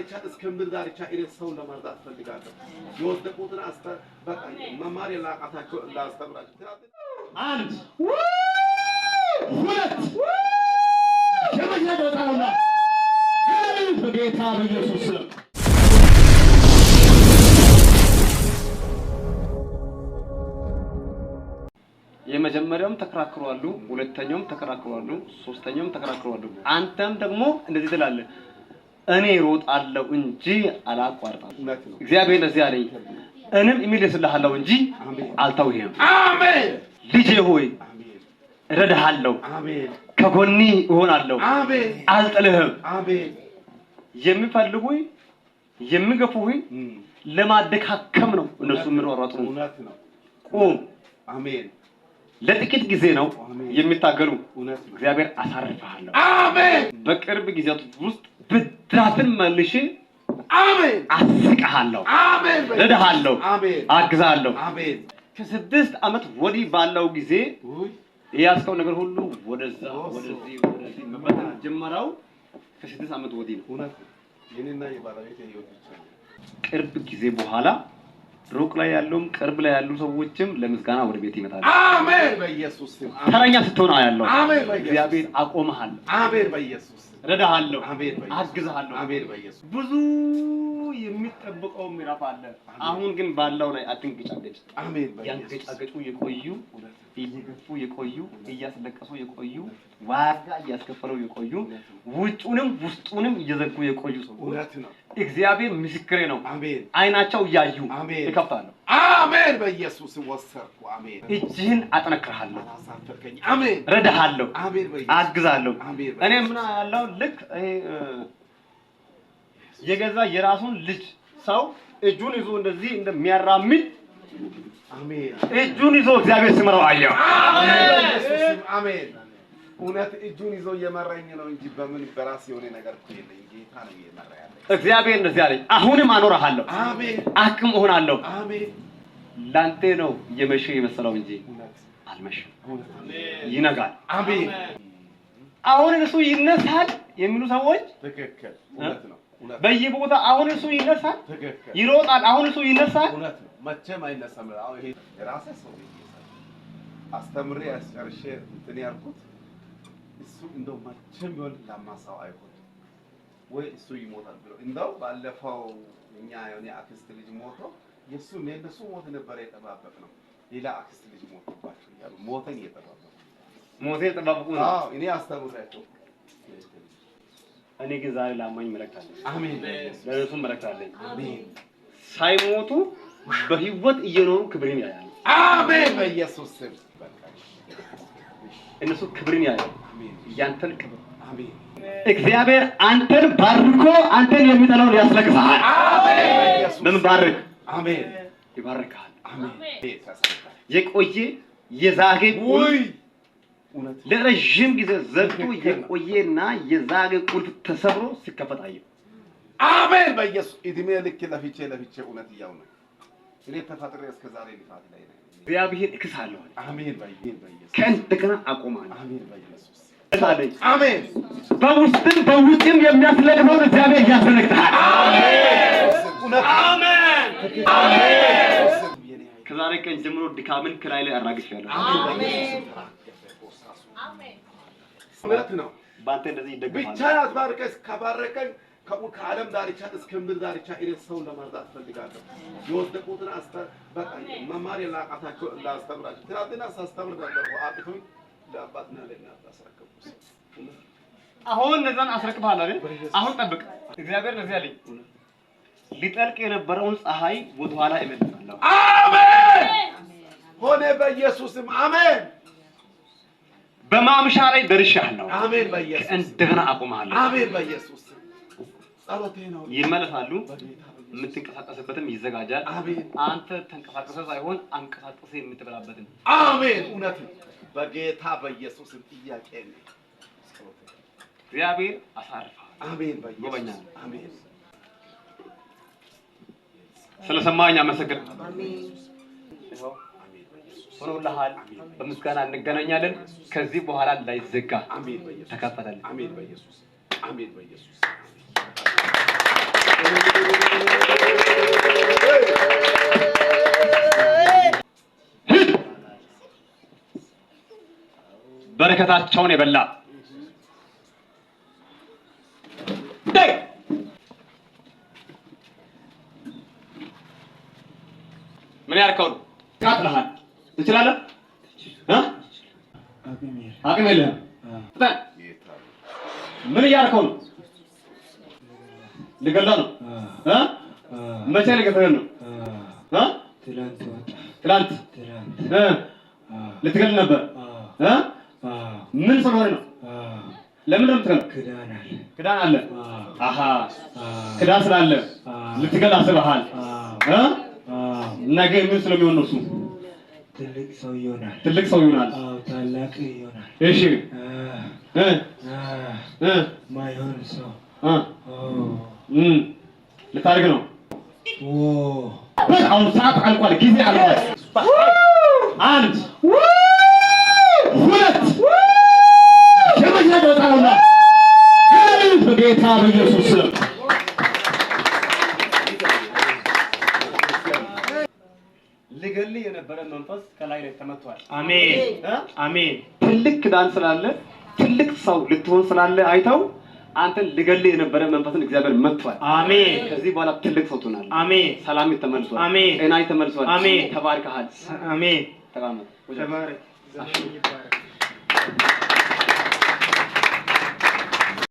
ዳርቻ እስከ ምድር ዳርቻ እኔ ሰውን ለማርዳት ፈልጋለሁ። የወደቁትን አስተ በቃ መማር የላቃታቸው እንዳስተምራቸው አንድ ሁለት የመሸገጣውና በጌታ በኢየሱስ የመጀመሪያውም ተከራክሯሉ፣ ሁለተኛውም ተከራክሯሉ፣ ሶስተኛውም ተከራክሯሉ። አንተም ደግሞ እንደዚህ ትላለህ እኔ እሮጣለሁ እንጂ አላቋርጣም። እግዚአብሔር ለዚህ አለኝ እኔም እመልስልሃለሁ እንጂ አልተውህም። አሜን። ልጄ ሆይ እረዳሃለሁ፣ ከጎኒ እሆናለሁ፣ አልጥልህም። የሚፈልጉ የሚገፉኝ ለማደካከም ነው። እነሱ የሚሯሯጡ ቁም። አሜን። ለጥቂት ጊዜ ነው የሚታገሉ። እግዚአብሔር አሳርፈሃለሁ። አሜን። በቅርብ ጊዜያት ውስጥ ብድራትን መልሽ። አሜን፣ አስቀሃለሁ፣ አሜን፣ እድሃለሁ፣ አሜን፣ አግዛለሁ። አሜን። ከስድስት ዓመት ወዲህ ባለው ጊዜ የያዝከው ነገር ሁሉ ወደዛ ወደዚህ ወደዚህ መመጣ ጀመረው። ከስድስት ዓመት ወዲህ ነው ቅርብ ጊዜ በኋላ ሩቅ ላይ ያለውም ቅርብ ላይ ያሉ ሰዎችም ለምስጋና ወደ ቤት ይመጣሉ። አሜን በኢየሱስ ስም። ተረኛ ስትሆን አያለሁ። አሜን በኢየሱስ እግዚአብሔር አቆምሃለሁ። አሜን በኢየሱስ ረዳሃለሁ። አሜን በኢየሱስ አግዝሃለሁ። አሜን በኢየሱስ ብዙ የሚጠብቀው ምዕራፍ አለ። አሁን ግን ባለው ላይ አትንገጫገጭ። ያንገጫገጩ የቆዩ እየገፉ የቆዩ እያስለቀሱ የቆዩ ዋጋ እያስከፈለው የቆዩ ውጩንም ውስጡንም እየዘጉ የቆዩ ሰው እግዚአብሔር ምስክሬ ነው። አሜን። አይናቸው እያዩ እከፍታለሁ። አሜን። በኢየሱስ ወሰርኩ። አሜን። እጅህን አጠነክርሃለሁ፣ ረዳሃለሁ፣ አሜን። አግዛለሁ። እኔ ምን ያለው ልክ የገዛ የራሱን ልጅ ሰው እጁን ይዞ እንደዚህ እንደሚያራምድ እጁን ይዞ እግዚአብሔር ስምረው አየው። አሜን። እውነት እጁን ይዞ እየመራኝ ነው እንጂ በምን በራስ የሆነ ነገር እኮ የለኝ። ጌታ ነው እየመራ ያለ። እግዚአብሔር እንደዚህ አለኝ፣ አሁንም አኖርሃለሁ፣ አቅም እሆናለሁ። ላንተ ነው እየመሸ የመሰለው እንጂ አልመሸም፣ ይነጋል። አሜን። አሁን እሱ ይነሳል የሚሉ ሰዎች ትክክል በየቦታ አሁን እሱ ይነሳል፣ ይሮጣል። አሁን እሱ ይነሳል። መቼም አይነሳም። አሁን ይሄ ራሴ ሰው አስተምሬ አስጨርሼ እንትን ያልኩት እሱ እንደው መቼም ቢሆን ለማሳው አይሆን ወይ እሱ ይሞታል ብሎ እንደው ባለፈው እኛ የሆነ አክስት ልጅ ሞቶ የሱ የነሱ ሞት ነበር የጠባበቅ ነው። ሌላ አክስት ልጅ ሞቶባቸው እያሉ ሞተን እየጠባበቁ ሞተን እየጠባበቁ ነው። አዎ እኔ አስተምሬያቸው እኔ ግን ዛሬ ላማኝ መለክታለኝ። አሜን። ለእሱ መለክታለኝ። አሜን። ሳይሞቱ በህይወት እየኖሩ ክብርን ያያሉ። አሜን። በኢየሱስ ስም እነሱ ክብርን ያያሉ። ያንተን ክብር እግዚአብሔር አንተን ባርኮ አንተን የሚጠላውን ያስለቅሳል። አሜን። ባርክ አሜን። ይባርካል። አሜን። የቆየ የዛገ ለረዥም ጊዜ ዘግቶ የቆየና የዛሬ ቁልፍ ተሰብሮ ሲከፈት አየሁ። አሜን። በኢየሱስ እድሜ ልክ ለፍቼ ለፍቼ እውነት እያው ነው እኔ ተፈጥሬ እስከ ዛሬ ልፋት ላይ ነኝ። እግዚአብሔር እክሳለሁ። አሜን። ከእንደገና አቆማለሁ። አሜን። በኢየሱስ በውስጥም በውጭም የሚያስለቅመውን እግዚአብሔር ያስረግጣል። ከዛሬ ቀን ጀምሮ ድካምን ከላይ ላይ አራግፌያለሁ። አሜን። ምረት ነው ባንተ እንደዚህ ይደገማል። ብቻ አትባርከስ ከባረከን ከዓለም ዳርቻ እስከ ምድር ዳርቻ ይደርስ ሰውን ለማርዳት ፈልጋለሁ። የወደቁትን መማር የላቃታቸው እንዳስተምራቸው ትናንትና ሳስተምር ነበር። አጥቶኝ ለአባትና ለእናት አስረከብኩ። አሁን እነዛን አስረክብሃለሁ አይደል? አሁን ጠብቅ። እግዚአብሔር እንደዚህ አለኝ፣ ሊጠልቅ የነበረውን ፀሐይ ወደኋላ እመልሳለሁ። አሜን ሆነ በኢየሱስም አሜን በማምሻ ላይ ደርሻለሁ። አሜን በኢየሱስ እንደገና አቁማለሁ። አሜን በኢየሱስ ጸሎቴ ነው። ይመለሳሉ። የምትንቀሳቀስበትም ይዘጋጃል። አሜን። አንተ ተንቀሳቀሰ ሳይሆን አንቀሳቀሰ የምትበላበትን አሜን። እውነት በጌታ በኢየሱስ ጥያቄ ነው። እግዚአብሔር አሳርፋል። አሜን በኢየሱስ አሜን። ስለሰማኝ አመሰግናለሁ። አሜን። ሆኖልሃል። በምስጋና እንገናኛለን። ከዚህ በኋላ እንዳይዘጋ ተከፈተልን። አሜን በኢየሱስ አሜን በኢየሱስ በረከታቸውን የበላ ምን ያርከው ትችላለህ? አቅም የለህም። ምን እያደረከው ነው? ልገላ ነው። መቼ ልገፈን ነው? ትላንት ልትገል ነበር። ምን ስለሆነ ነው? ለምን ነው? ክዳን አለ። ክዳን ስላለ ልትገል አስበሃል። ነገ ምን ስለሚሆን ነው እሱ ትልቅ ሰው ይሆናል። ትልቅ ሰው ይሆናል። አዎ ታላቅ ይሆናል። እሺ እ እ ማይሆን ሰው እ እ ልታደርግ ነው። አሁን ሰዓት አልቋል፣ ጊዜ አልቋል። አንድ ሊገል የነበረ መንፈስ ከላይ ላይ ተመቷል። አሜን አሜን። ትልቅ ክዳን ስላለ ትልቅ ሰው ልትሆን ስላለ አይተው አንተን ልገል የነበረ መንፈስን እግዚአብሔር መጥቷል። አሜን። ከዚህ በኋላ ትልቅ ሰው ትሆናለህ። አሜን። ሰላም ተመልሷል። አሜን። ጤና ተመልሷል። አሜን። ተባርከሃል። አሜን። ተባረክ።